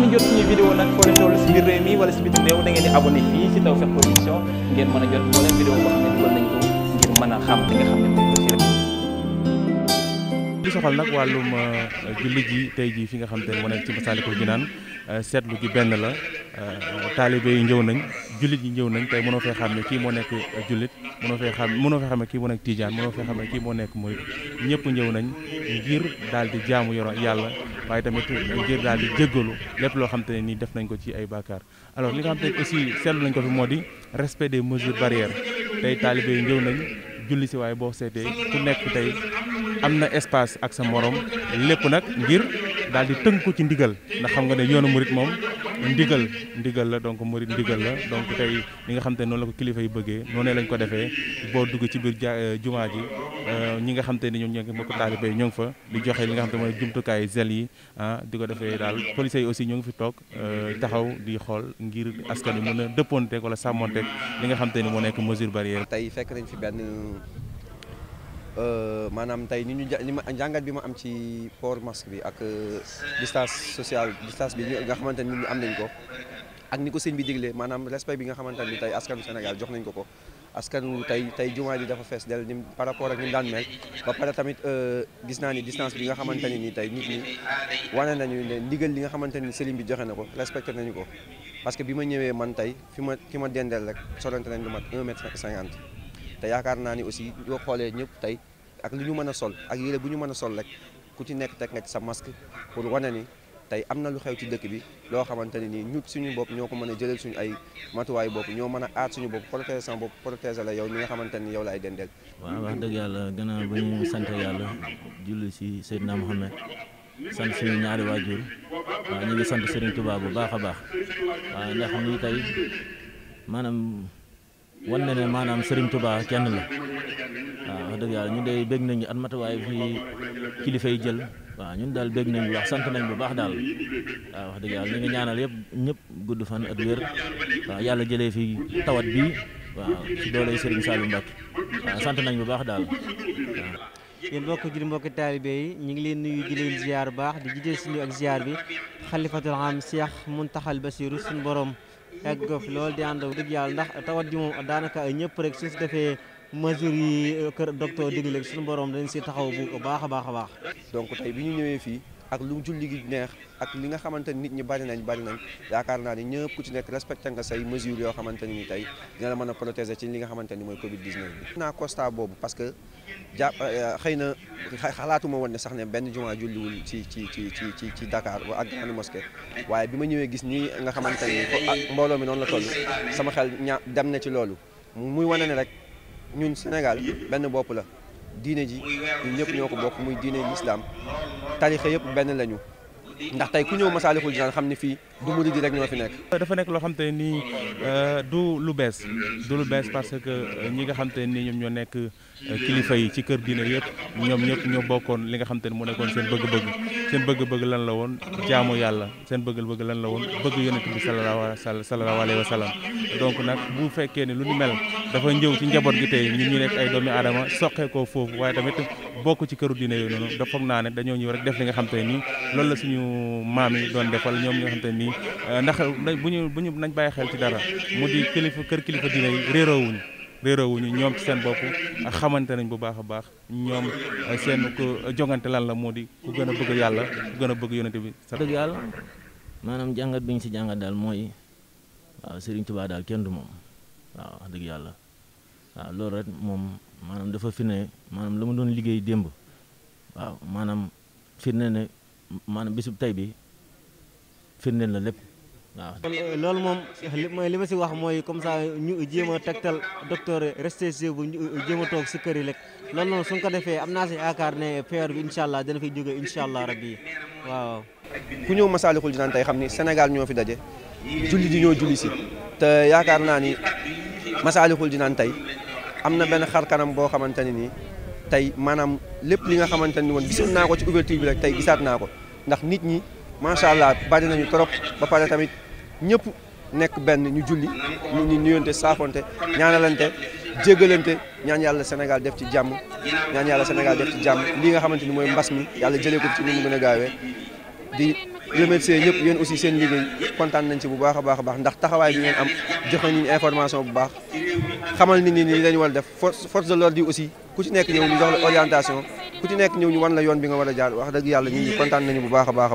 ngeen jot suñu vidéo nag foo leen si réew mi wala si biti réew da ngeen di abonné fii si Tawfekh Production ngeen mën a jot moo leen vidéo boo xam ne dugal nañ ko ngir mën a xam li nga xam ne moom la li soxal nag wàllum euh, julli ji tey jii fi nga xam te ne moo nekk ci Masaalikul Jinaan euh, seetlu gi benn la euh, taalibe yi ñëw nañ jullit yi ñëw nañ tey mënoo fee xam ne kii moo nekk jullit mënoo fee xam mënoo fee xam ne kii moo nekk tijaan mënoo fee moo nekk murit ñëpp ñëw nañ ngir daal di jaamu yoro yàlla waaye tamit ngir daal di jéggalu lépp loo xam te ne nii def nañ ko ci ay bàkkaar alors li nga xam te ne aussi seetlu nañ ko fi moo di respect des mesures barrières tey taalibe yi ñëw nañ julli si waaye boo seetee ku nekk tey am na espace ak sa morom lépp nag ngir daal di tënku ci ndigal ndax xam nga ne yoonu murit moom ndigal ndigal la donc moo ndigal la donc tey li nga xam te ne noonu la ko kilifa yi bëggee noonu lañ ko defee boo dugg ci biir euh, jumaa ji euh, ñi nga xam ni ñoom ñoo ngi mbokk taalibe yi ñoo ngi fa di joxe li nga xam te mooy jumtukaay zel yi ah di ko defee daal police yi aussi ñoo ngi fi toog euh, taxaw di xool ngir askan wi mën a dëppoonteeg wala sàmmonteeg li nga xam te ni moo nekk mesure barrière. tey fekk nañ fi benn. Euh, maanaam tey ni ñu jàngat bi ma am ci port masque bi ak euh, distance sociale distance bi nga xamante ni am nañ ko ak ni ko sëñ bi diglee maanaam respect bi nga xamante ni tey askanu Sénégal jox nañ ko ko askanu tey tey jumaa ji dafa fees del ni par rapport ak ni mu daan mel ba pare tamit euh, gis naa ni distance bi nga xamante ne ni tey nit ñi wane nañu ne ndigal li nga xamante ni sëriñ bi joxe na ko respecté nañu ko parce que bi ma ñëwee man tey fi ma fi ma dendeel rek sorante nañ lu mat 1 mètre 50 te yaakaar naa ni aussi yoo ñëpp tey ak lu ñu mën a sol ak yére bu ñu mën a sol rek ku ci nekk teg nga ci sa masque pour wane ni tey am na lu xew ci dëkk bi loo xamante ne nii ñut suñu bopp ñoo ko mën a jëlal suñu ay matuwaayu bopp ñoo mën a aar suñu bopp protéger sama bopp protéger la yow mi nga xamante ni yow laay dendeel waaw wax dëgg yàlla gannaaw ba ñu sant yàlla julli si Seydina Mohamed sant suñu ñaari waajur waaw ñu ngi sant Serigne Touba bu baax a baax waaw ndax ñu tey maanaam wan na maanaam sëriñ Touba kenn la waaw wax dëgg yàlla ñu day bég nañu at matuwaay fi kilifa yi jël waaw ñun daal bég nañu wax sant nañ bu baax daal wax dëgg yàlla ñu ngi yëpp ñëpp gudd fan ak wér waaw yàlla jëlee fi tawat bi waaw ci doole Serigne Saliou Mbacke sant nañ bu baax daal waaw. yéen mbokk jur mbokki ñu ngi leen nuyu di leen baax di si suñu ak ziar bi xalifatul am Cheikh taxal Basiru suñu borom. yàgg ko fi loolu di ànd dëgg yàlla ndax tawat ji moom daanaka ñëpp rek suñ si defee mesures euh, kër docteur digle suñu borom dañ si taxaw bu baax a baax a baax. donc tey bi ñu ñëwee fii ak lu julli gi neex ak li nga xamante ni nit ñi bari nañ bari nañ yaakaar naa ni ñëpp ku ci nekk respecté nga say mesures yoo xamante ni tey dina la mën a protéger ci li nga xamante ni mooy Covid 19 bi. naa constat boobu jàpp eh, xëy na xalaatuma woon ne sax ne benn jumaa julliwul ci ci ci ci ci ci Dakar ak grande mosquée waaye bi ma ñëwee gis nii nga xamante ni ah, mbooloo mi noonu la toll sama xel ña dem na ci loolu muy wane ne rek ñun Sénégal benn bopp la diine ji ñun ñëpp ñoo ko bokk muy diine lislaam tarixa yëpp benn lañu ndax tey ku ñëw Masaalikul Jinaan xam ni fii du murid yi rek ñoo fi nekk. dafa nekk loo xam te nii eh, du lu bees du lu bees parce que eh, ñi nga xam te nii ñoom ñoo nekk. kilifa yi ci kër diine yëpp ñoom ñëpp ñoo bokkoon li nga xam te ne mu nekkoon seen bëgg-bëgg seen bëgg-bëgg lan la woon jaamu yàlla seen bëgg-bëgg lan la woon bëgg yonent bi sallallahu alayhi wa sallam donc nag bu fekkee ne lu ni mel dafa njëw ci njaboot gi tey ñun ñu nekk ay doomi aadama soqeekoo foofu waaye tamit bokk ci këru diine yooyu noonu da foog naa ne dañoo ñëw rek def li nga xam nii loolu la suñu maam yi doon defal ñoom ñi nga xam nii eh, ndax bu ñu bu ñu nañ bàyyi xel ci dara mu di kilifa kër kilifa diine yi réeroowuñu réeroowuñu ñoom ci seen bopp xamante nañ bu baax a baax ñoom seen ku jongante lan la moo di ku gën a bëgg yàlla ku gën a bëgg yonent bi sa dëgg yàlla maanaam jàngat bi ñu si jàngat daal mooy waaw Serigne Touba daal kenn du moom waaw dëgg yàlla waaw loolu rek moom maanaam dafa firne maanaam la mu doon liggéey démb waaw maanaam firne ne maanaam bisub tey bi firnde la lépp waaw. Euh, loolu moom li ma si wax mooy comme ça ñu jéem a tegtal docteur resté chez vous ñu euh, jéem a toog si kër yi rek loolu noonu suñ ko defee am naa si yaakaar ne feebar bi incha allah dana fiy jóge incha allah rabbi waaw. ku ñëw Masaalikul Jinaan tey xam ni Sénégal ñoo fi daje julli di ñoo si te yaakaar naa ni Masaalikul Jinaan tey am na benn xar kanam boo xamante ne nii tey maanaam lépp li nga xamante ni woon gisoon naa ko ci ouverture bi rek tey gisaat naa ko ndax nit ñi macha allah bari nañu trop ba pare tamit. ñëpp nekk benn ñu julli ñu ñu nuyonte saafonte ñaanalante jéggalante ñaan yàlla Sénégal def ci jàmm ñaan yàlla Sénégal def ci jàmm lii nga xamante ni mooy mbas mi yàlla jëlee ko ci ni mu gën gaawee di remercier ñëpp yéen aussi seen liggéey kontaan nañ ci bu baax a baax a baax ndax taxawaay bi ngeen am jox nañu information bu baax xamal nit ñi nii dañu war def force force de l'ordre yi aussi ku ci nekk ñëw ñu jox la orientation ku ci nekk ñëw ñu wan la yoon bi nga war a jaar wax dëgg yàlla nit kontaan nañu bu baax a baax a